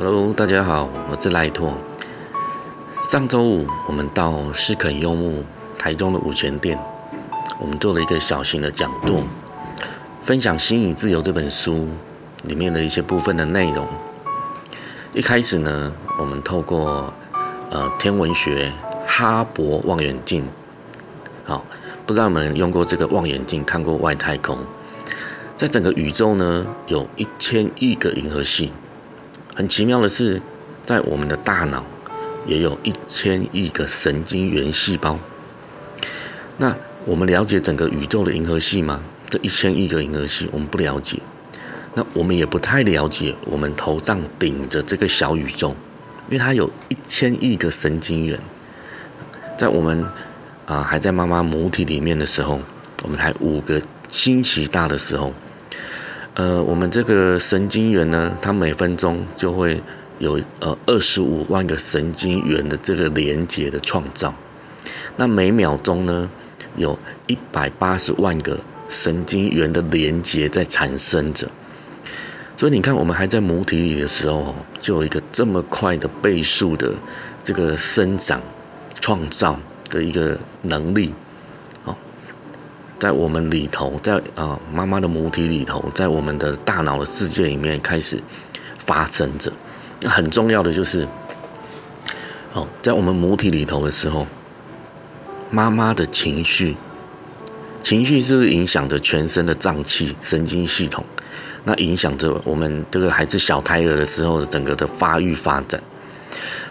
Hello，大家好，我是賴拓。上周五，我們到詩肯柚木台中的五權店，我們做了一個小型的講座，分享《心已自由》這本書裡面的一些部分的內容。一開始呢，我們透過呃天文學哈勃望遠鏡，好，不知道你們用過這個望遠鏡看過外太空？在整個宇宙呢，有一千億個銀河系。很奇妙的是，在我們的大腦也有一千億個神經元細胞。那我們了解整個宇宙的銀河系嗎？這一千億個銀河系我們不了解。那我們也不太了解我們頭上頂着這個小宇宙，因為它有一千億個神經元。在我們啊還在媽媽母體裡面的時候，我們才五個星期大的時候。呃，我們這個神經元呢，它每分鐘就會有呃二十五萬個神經元的這個連接的創造，那每秒鐘呢，有一百八十萬個神經元的連接在產生着。所以你看，我們還在母體裡的時候，就有一個這麼快的倍數的這個生長創造的一個能力。在我們裡頭，在啊、呃、媽媽的母體裡頭，在我們的大腦的世界裡面開始發生着。那很重要的就是，哦，在我們母體裡頭的時候，媽媽的情緒，情緒是不是影響着全身的臟器、神經系統？那影響着我們這個孩子小胎兒的時候的整個的發育發展。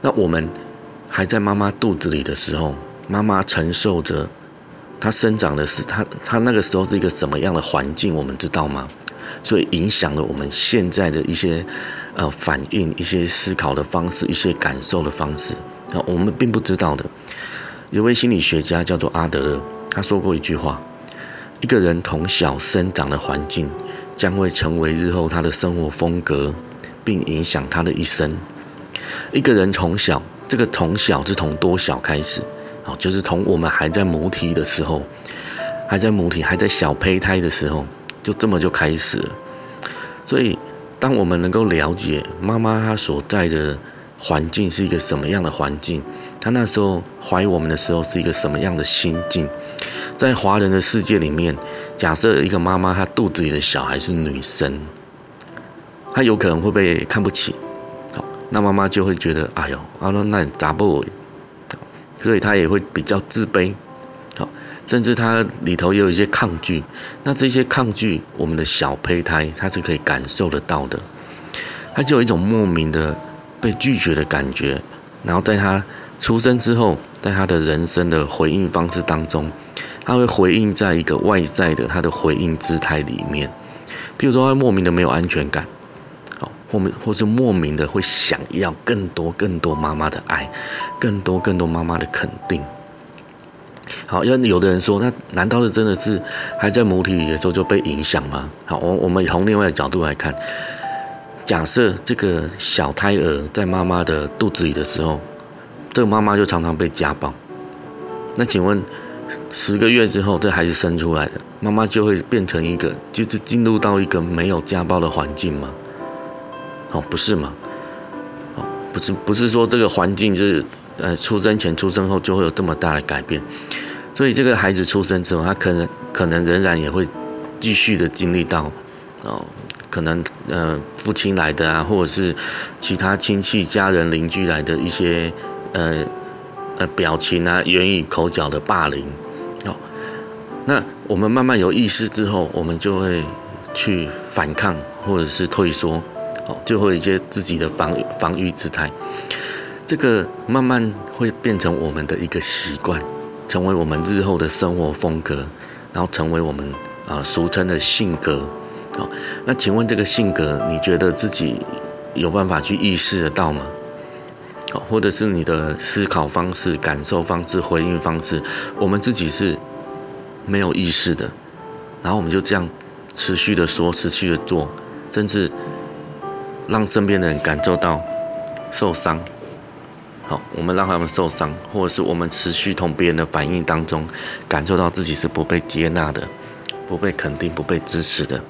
那我們還在媽媽肚子裡的時候，媽媽承受着。它生長的是它，它那個時候是一個什麼樣的環境，我們知道嗎？所以影響了我們現在的一些，呃，反應、一些思考的方式、一些感受的方式，那我們並不知道的。有位心理學家叫做阿德勒，他說過一句話：一個人從小生長的環境將會成為日後他的生活風格，並影響他的一生。一個人從小，這個從小是從多小開始？哦，就是從我們還在母體的時候，還在母體，還在小胚胎的時候，就這麼就開始了。所以，當我們能夠了解媽媽她所在的環境是一個什麼樣的環境，她那時候懷我們的時候是一個什麼樣的心境，在華人的世界裡面，假設一個媽媽她肚子裡的小孩是女生，她有可能會被看不起。好，那媽媽就會覺得，哎呦，哎呦，啊那那你咋不？所以他也會比較自卑，好，甚至他裡頭也有一些抗拒。那這些抗拒，我們的小胚胎他是可以感受得到的，他就有一種莫名的被拒絕的感覺。然後在他出生之後，在他的人生的回應方式當中，他會回應在一個外在的他的回應姿態裡面，譬如說他莫名的沒有安全感。或或是莫名的會想要更多更多媽媽的愛，更多更多媽媽的肯定。好，因為有的人說，那難道是真的是還在母體裡的時候就被影響嗎？好，我我們從另外的角度來看，假設這個小胎兒在媽媽的肚子裡的時候，這個媽媽就常常被家暴，那請問十個月之後，這孩子生出來的媽媽就會變成一個，就是進入到一個沒有家暴的環境嗎？哦，不是嗎？哦，不是，不是說這個環境就是，呃，出生前、出生後就會有這麼大的改變。所以這個孩子出生之後，他可能可能仍然也會繼續的經歷到，哦，可能呃，父親來的啊，或者是其他親戚、家人、鄰居來的一些呃呃表情啊，言語口角的霸凌。哦，那我們慢慢有意識之後，我們就會去反抗，或者是退縮。哦，就會有一些自己的防防禦姿態，這個慢慢會變成我們的一個習慣，成為我們日後的生活風格，然後成為我們啊、呃、俗稱的性格。好、哦，那請問這個性格，你覺得自己有辦法去意識得到嗎？好、哦，或者是你的思考方式、感受方式、回應方式，我們自己是沒有意識的，然後我們就這樣持續的說、持續的做，甚至。讓身邊的人感受到受傷，好，我們讓他們受傷，或者是我們持續從別人的反應當中感受到自己是不被接納的、不被肯定、不被支持的，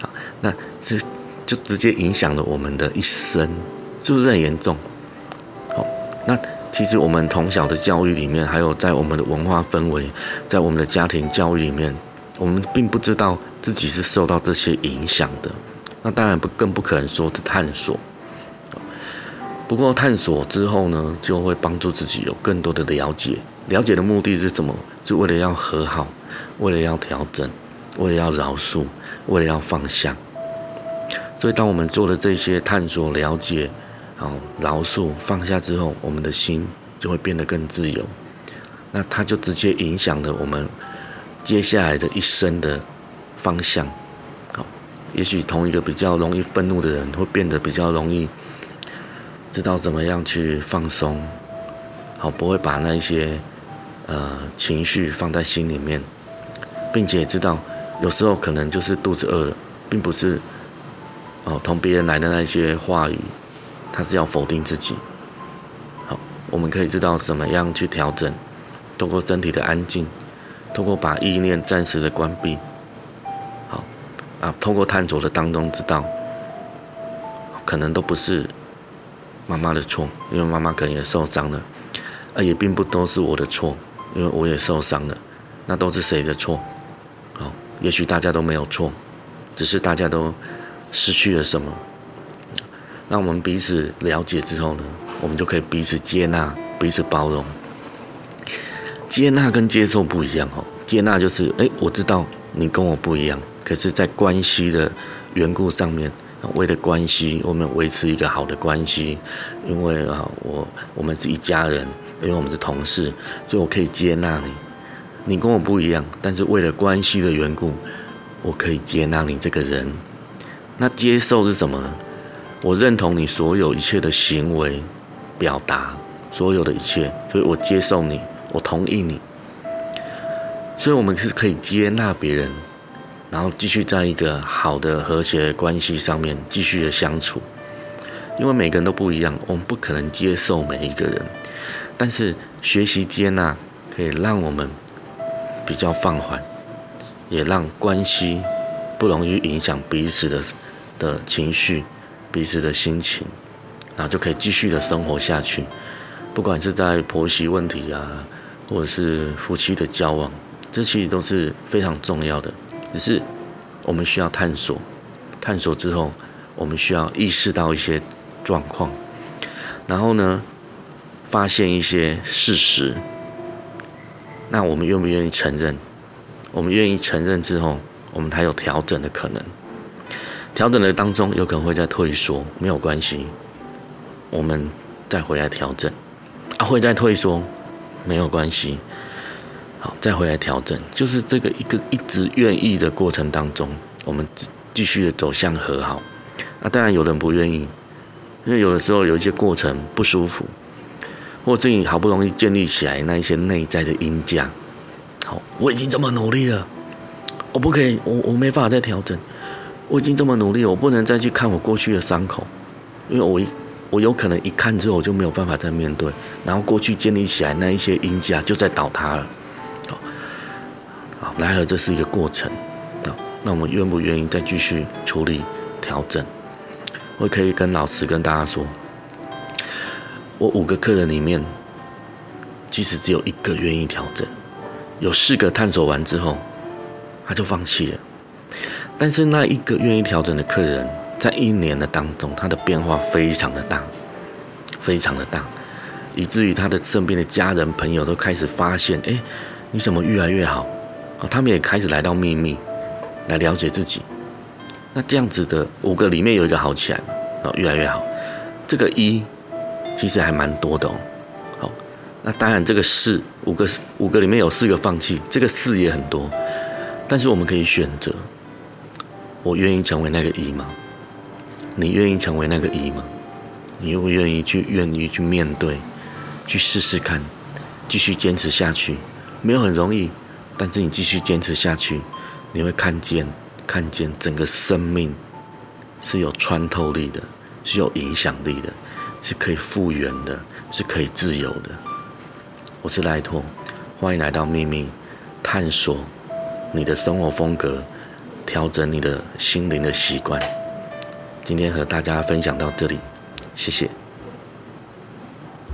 好，那這就直接影響了我們的一生，是不是很嚴重？好，那其實我們從小的教育裡面，還有在我們的文化氛圍、在我們的家庭教育裡面，我們並不知道自己是受到這些影響的。那當然不，更不可能說是探索。不過探索之後呢，就會幫助自己有更多的了解。了解的目的是什麼？是為了要和好，為了要調整，為了要饒恕，為了要放下。所以，當我們做了這些探索、了解、然後、哦、饒恕、放下之後，我們的心就會變得更自由。那它就直接影響了我們接下來的一生的方向。也許同一個比較容易憤怒的人，會變得比較容易知道怎麼樣去放鬆，好，不會把那些呃情緒放在心裡面，並且知道有時候可能就是肚子餓了，並不是哦同別人來的那些話語，他是要否定自己。好，我們可以知道怎麼樣去調整，通過身體的安靜，通過把意念暫時的關閉。啊，透過探索的當中知道，可能都不是媽媽的錯，因為媽媽可能也受傷了，啊，也並不都是我的錯，因為我也受傷了，那都是誰的錯？哦，也許大家都沒有錯，只是大家都失去了什麼。那我們彼此了解之後呢，我們就可以彼此接納、彼此包容。接納跟接受不一樣，哦，接納就是哎、欸，我知道你跟我不一樣。可是，在關係的緣故上面，為了關係，我們維持一個好的關係。因為啊，我我們是一家人，因為我們是同事，所以我可以接納你。你跟我不一樣，但是為了關係的緣故，我可以接納你這個人。那接受是什麼呢？我認同你所有一切的行為、表達，所有的一切，所以我接受你，我同意你。所以，我們是可以接納別人。然後繼續在一個好的和諧的關係上面繼續的相處，因為每個人都不一樣，我們不可能接受每一個人。但是學習接納可以讓我們比較放緩，也讓關係不容易影響彼此的的情緒、彼此的心情，然後就可以繼續的生活下去。不管是在婆媳問題啊，或者是夫妻的交往，這其實都是非常重要的。只是我們需要探索，探索之後，我們需要意識到一些狀況，然後呢，發現一些事實。那我們願不願意承認？我們願意承認之後，我們才有調整的可能。調整的當中有可能會再退縮，沒有關係，我們再回來調整。啊，會再退縮，沒有關係。好，再回來調整，就是這個一個一直願意的過程當中，我們繼繼續的走向和好。那、啊、當然有人不願意，因為有的時候有一些過程不舒服，或是你好不容易建立起來那一些內在的鷹架。好，我已經這麼努力了，我不可以，我我沒法再調整。我已經這麼努力了，我不能再去看我過去的傷口，因為我一我有可能一看之後我就沒有辦法再面對，然後過去建立起來那一些鷹架就在倒塌了。啊，奈何這是一個過程啊。那我們願不願意再繼續處理調整？我可以跟老師、跟大家說，我五個客人裡面，其實只有一個願意調整，有四個探索完之後，他就放棄了。但是那一個願意調整的客人，在一年的當中，他的變化非常的大，非常的大，以至於他的身邊的家人朋友都開始發現：哎，你怎麼越來越好？哦，他們也開始來到秘密，來了解自己。那這樣子的五個裡面有一個好起來嘛？哦，越來越好。這個一其實還蠻多的哦。好，那當然這個四五個五個裡面有四個放棄，這個四也很多。但是我們可以選擇，我願意成為那個一嗎？你願意成為那個一嗎？你願不願意去願意去面對，去試試看，繼續堅持下去？沒有很容易。但是你繼續堅持下去，你會看見，看見整個生命是有穿透力的，是有影響力的，是可以復原的，是可以自由的。我是賴拓，歡迎來到祕謐，探索你的生活風格，調整你的心靈的習慣。今天和大家分享到這裡，謝謝。